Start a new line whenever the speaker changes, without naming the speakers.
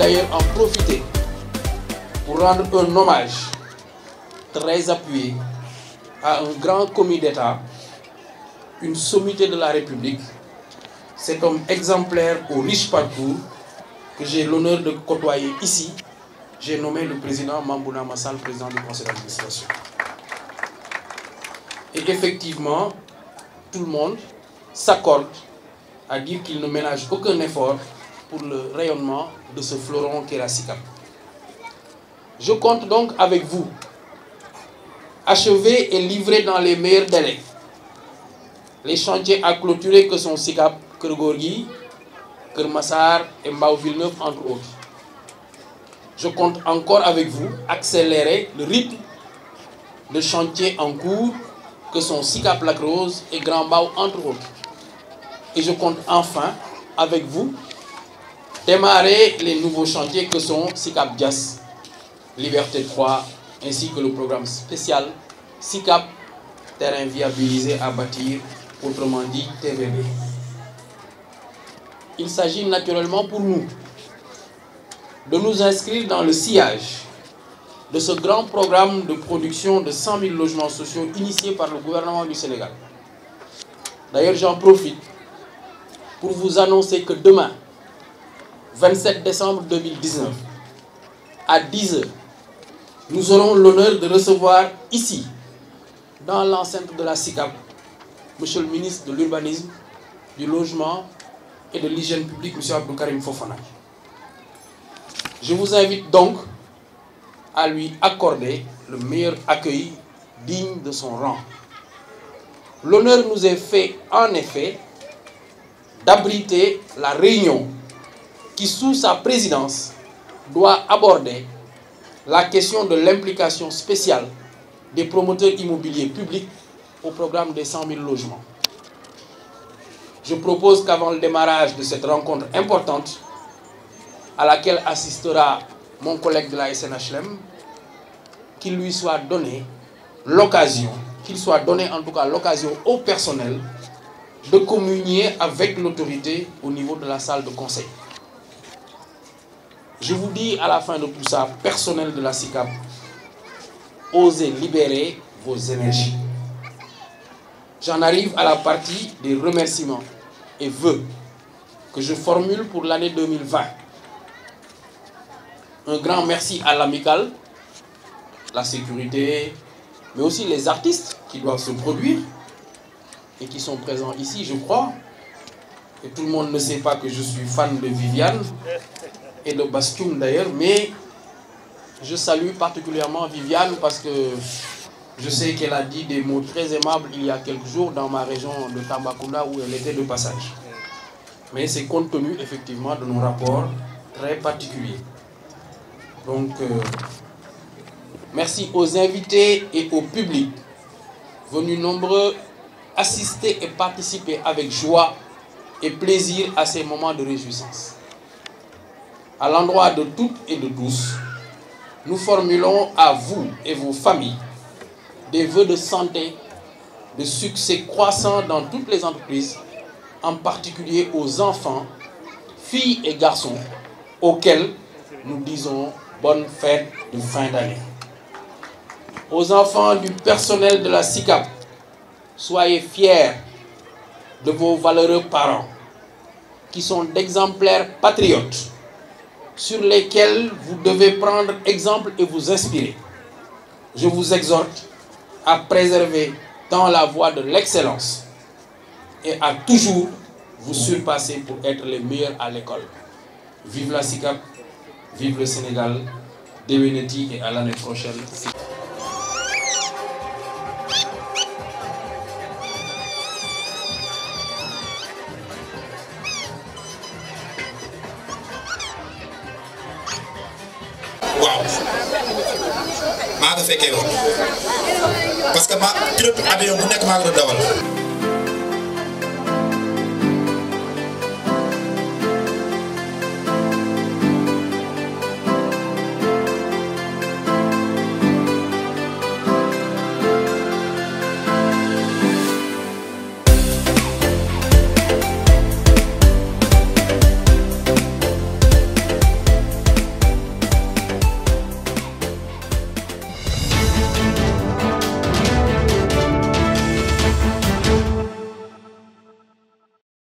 d'ailleurs en profiter pour rendre un hommage très appuyé à un grand commis d'État, une sommité de la République, cet homme exemplaire au riche parcours que j'ai l'honneur de côtoyer ici, j'ai nommé le président Mambouna Massal, président du conseil d'administration. Et effectivement, tout le monde s'accorde à dire qu'il ne ménage aucun effort pour le rayonnement de ce floron est la SICAP. Je compte donc avec vous achever et livrer dans les meilleurs délais les chantiers à clôturer que sont SICAP, Kurgorgi, Kermassar et Mbao Villeneuve, entre autres. Je compte encore avec vous accélérer le rythme de chantiers en cours que sont SICAP Lacrose et Grand Bao, entre autres. Et je compte enfin avec vous démarrer les nouveaux chantiers que sont SICAP Dias, Liberté 3, ainsi que le programme spécial SICAP, terrain viabilisé à bâtir, autrement dit TVB. Il s'agit naturellement pour nous de nous inscrire dans le sillage de ce grand programme de production de 100 000 logements sociaux initié par le gouvernement du Sénégal. D'ailleurs, j'en profite pour vous annoncer que demain, 27 décembre 2019, à 10h, nous aurons l'honneur de recevoir ici, dans l'enceinte de la SICAP, Monsieur le ministre de l'Urbanisme, du Logement et de l'Hygiène publique, M. Abdou Karim Fofana. Je vous invite donc à lui accorder le meilleur accueil digne de son rang. L'honneur nous est fait en effet d'abriter la réunion qui, sous sa présidence, doit aborder la question de l'implication spéciale des promoteurs immobiliers publics au programme des 100 000 logements. Je propose qu'avant le démarrage de cette rencontre importante, à laquelle assistera mon collègue de la SNHLM, qu'il lui soit donné
l'occasion,
qu'il soit donné en tout cas l'occasion au personnel de communier avec l'autorité au niveau de la salle de conseil. Je vous dis à la fin de tout ça, personnel de la CICAP, osez libérer vos énergies. J'en arrive à la partie des remerciements et vœux que je formule pour l'année 2020. Un grand merci à l'amicale, la sécurité, mais aussi les artistes qui doivent se produire et qui sont présents ici, je crois. Et tout le monde ne sait pas que je suis fan de Viviane et de Bastion d'ailleurs, mais je salue particulièrement Viviane parce que je sais qu'elle a dit des mots très aimables il y a quelques jours dans ma région de Tambacounda où elle était de passage. Mais c'est compte tenu effectivement de nos rapports très particuliers. Donc, euh, merci aux invités et au public venus nombreux assister et participer avec joie et plaisir à ces moments de réjouissance à l'endroit de toutes et de tous, nous formulons à vous et vos familles des voeux de santé, de succès croissant dans toutes les entreprises, en particulier aux enfants, filles et garçons, auxquels nous disons bonne fête de fin d'année. Aux enfants du personnel de la SICAP, soyez fiers de vos valeureux parents, qui sont d'exemplaires patriotes sur lesquels vous devez prendre exemple et vous inspirer. Je vous exhorte à préserver dans la voie de l'excellence et à toujours vous surpasser pour être les meilleurs à l'école. Vive la SICAP, vive le Sénégal, devenez et à l'année prochaine. waaw maa ko fekkee woon parce que ma trip avion bu nekk maa ko doon